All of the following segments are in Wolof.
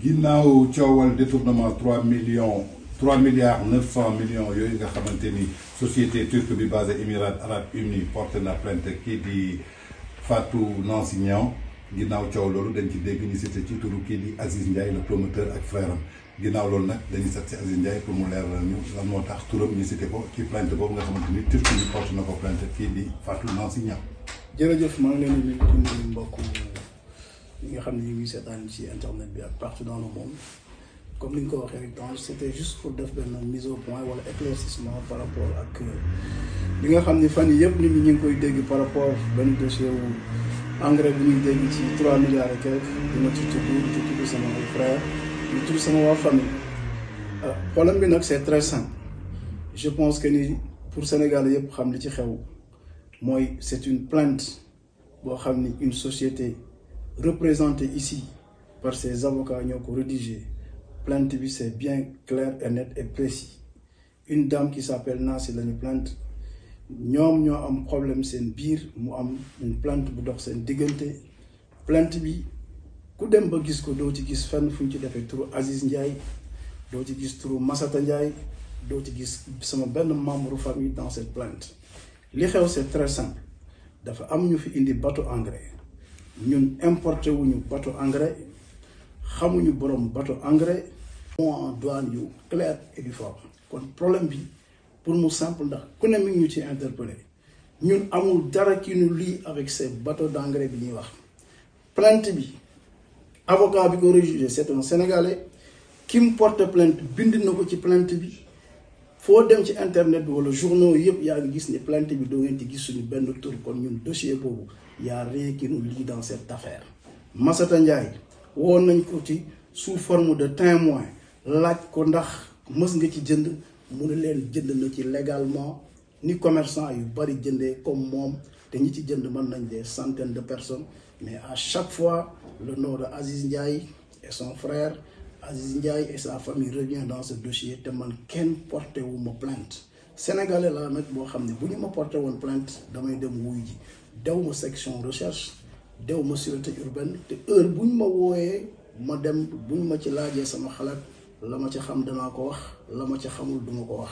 ginnaaw coowal détournement trois millions trois milliards neuf cent millions yooyu nga xamante ni société turque bi basée Émirats arabes unis porte na plainte kii di Fatou Nansignan ginnaaw coow loolu dañ ci dégg ñu cité ci turu kii di Aziz Ndiaye le promoteur ak frère am ginnaaw loolu nag dañuy sat si Aziz Ndiaye pour mu leer ñu lan moo tax turam ñu cité ko ci plainte boobu nga xamante ni Turquie ko plainte kii ñi nga xam ne ñu ngi seetaan ci internet bi ak partout comme ni nga ko waxee rek donc c' juste pour def benn mise au point wala éclaircissement par rapport ak li nga xam ni fan yii yëpp nit ñi ñu ngi koy dégg par rapport benn dossier engrais bi ñuy dégg ci trois milliards et quelque dina ci tudd di tudd sama frère di tudd sama waa famille euh, problème bi nag c'est très simple je pense que ni pour Sénégal yëpp xam li ci xew mooy c'est une plante boo xam ni une société représentée ici par ses avocats ñoo ko rédigé plante bi c'est bien clair et net et précis une dame qui s'appelle Nancy lañu plante ñoom ñoo am problème seen biir mu am une plante bu dox seen diggante plante bi ku dem ba gis ko doo ci gis fenn fu ñu ci defee turu Aziz Ndiaye doo ci gis turu Massata Ndiaye doo ci gis sama benn membre famille dans cette plante li xew c'est très simple dafa am ñu fi indi bateau engrais ñun importé wuñu bateau engrais xamuñu borom bateau engrais moo en douane yu clair et du fort kon problème bi pour mu simple ndax ku ne mi ngi ñu ci interpellé ñun amul dara ki ñu lii avec ces bateaux d'engrais bi ñuy wax plainte bi avocat bi ko réjugé c'est un sénégalais ki mu porte plainte bind na ko ci plainte bi foo dem ci internet bi wala journaux yëpp yaa ngi gis ni plainte bi doo ngeen ci gis suñu benn tur kon ñun dossier boobu y'a rien qui nous lie dans cette affaire Massata Ndiaye woon nañ ko ci sous forme de témoin laaj ko ndax mës nga ci jënd mu ne leen jënd na ci légalement ni commerçant yu bari jënde comme moom te ñi ci jënd mën nañ des centaines de personnes mais à chaque fois le nom de Aziz et son frère Aziz Ndiaye et sa famille revient dans ce dossier te man kenn porté wu ma plainte sénégalais la nag boo xam ne bu ñu ma porté woon plainte damay dem wuy ji dew ma section recherche dew ma sûreté urbaine te heure bu ñu ma wooyee ma dem bu ñu ma ci laajee sama xalaat la ma ca xam danaa ko wax la ma ca xamul duma ko wax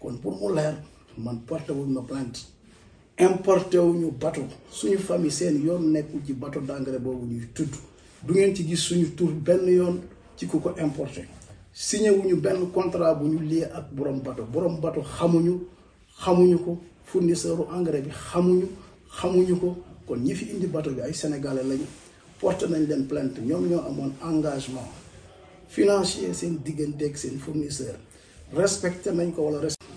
kon pour mu leer man porté wuñ ma plainte importé wuñu bato suñu famille seen yoon nekkul ci bato d'engrais boobu ñuy tudd du ngeen ci gis suñu tur benn yoon ci ku ko importé signé wuñu benn contrat bu ñu lii ak borom bato borom bato xamuñu xamuñu ko fournisseur u engrais bi xamuñu xamuñu ko kon ñi fi indi bato bi ay sénégalais lañu porte nañ leen plainte ñoom ñoo amoon engagement financier seen digganteeg seen fournisseur respecté nañ ko wala respecté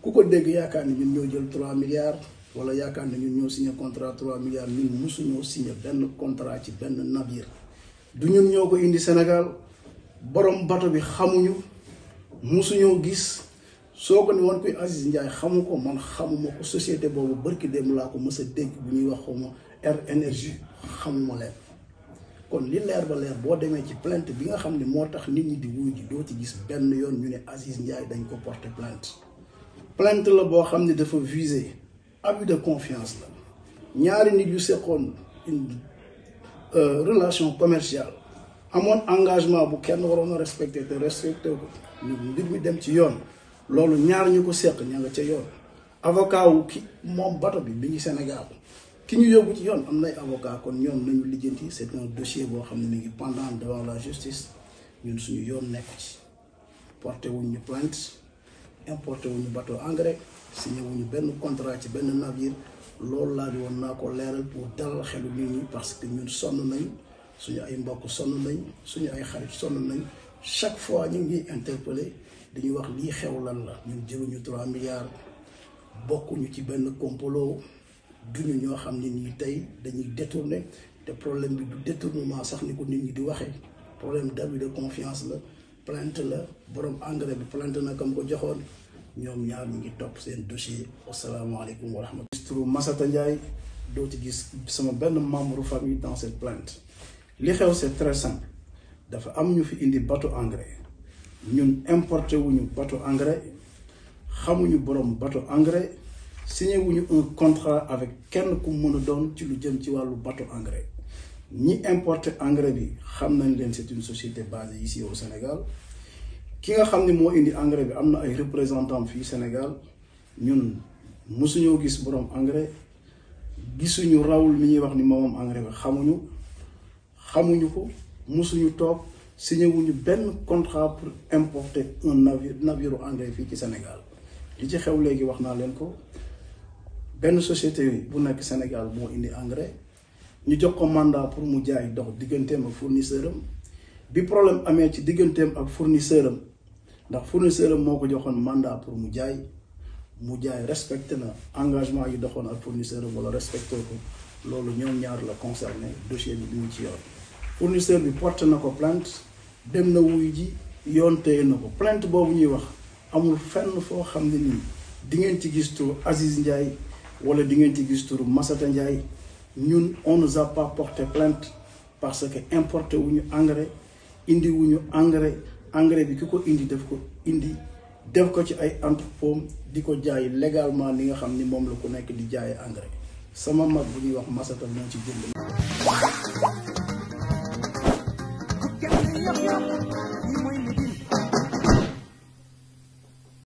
ku ko dégg yaakaar ni ñun ñoo jël 3 milliards wala yaakaar ni ñun ñoo signé contrat 3 milliards ñun mosuñoo signé benn contrat ci benn navire du ñun ñoo ko indi Sénégal borom bato bi xamuñu mosuñoo gis soo ko ni woon koy Aziz Ndiaye xamu ko man xamuma ko société boobu bërki démb laa ko mës dégg bu ñuy wax xaw ma air énergie xamuma leen kon li leer ba leer boo demee ci plainte bi nga xam ne moo tax nit ñi di wuy ji doo ci gis benn yoon ñu ne Aziz Ndiaye dañ ko porter plainte plainte la boo xam ne dafa viser abus de confiance la ñaari nit yu seqoon une euh, relation commercial amoon engagement bu kenn waroon a respecté te respecté ko ñu mbir mi dem ci yoon loolu ñaar ñu ko seq ña nga ca yoon avocat wu ki moom bato bi bi ñu Sénégal ki ñu yóbbu ci yoon am nay avocat kon ñoom nañu lijjanti c' est un dossier boo xam ne mi ngi pendant devant la justice ñun suñu yoon nekk ci porté wuñu plainte importé wuñu bateau engrais signé wuñu benn contrat ci benn navire loolu laa di woon naa ko leeral pour dalal xelu nit ñi parce que ñun sonn nañ suñu ay mbokk sonn nañ suñu ay xarit sonn nañ chaque fois ñu ngi interpellé dañuy wax lii xew lan la ñun jëluñu 3 milliards bokkuñu ci benn compolo duñu ñoo xam ne nii tey dañuy détourné te problème bi du détournement sax ni ko nit ñi di waxee problème d'abus de confiance la plainte la borom engrais bi plainte na kam ko joxoon ñoom ñaar ñu ngi topp seen dossier asalaamaaleykum wa rahmatulah. ministre Massata Ndiaye doo ci gis sama benn membre famille dans cette plainte li xew c'est très simple dafa am ñu fi indi bateau engrais ñun importé wuñu bateau engrais xamuñu borom bateau engrais. signé wuñu un contrat avec kenn ku mënu a doon ci lu jëm ci wàllu bateau engrais ñi importe engrais bi xam nañ leen c'est une société basée si au Sénégal ki nga xam ne moo indi engrais bi am na ay représentant fii Sénégal ñun mosuñoo gis borom engrais gisuñu rawul mi ñuy wax ni moom engrais bi xamuñu xamuñu ko mosuñu toog signé benn contrat pour importer un navire navire engrais fii ci Sénégal li ci xew léegi wax naa leen ko benn société bu nekk Sénégal moo indi engrais ñu jox ko mandat pour mu jaay dox digganteem ak fournisseur am bi problème amee ci digganteem ak fournisseur am ndax fournisseur am moo ko joxoon mandat pour mu jaay mu jaay respecté na engagement yi doxoon ak fournisseur am wala respecté ko loolu ñoom ñaar la concerné dossier bi ñu ci yor fournisseur bi porte na ko plant dem na wuy ji yoon téye na ko plainte boobu ñuy wax amul fenn foo xam ne nii di ngeen ci gis tur Aziz Ndiaye wala di ngeen ci gis turu Massata Ndiaye ñun on nous a pas porté parce que importé wu ñu engrais indi wu ñu engrais engrais bi ki ko indi def ko indi def ko ci ay entrepôt di ko jaay légalement li nga xam ni moom la ku nekk di jaayee engrais sama mag bu ñuy wax Massata moo ci jënd.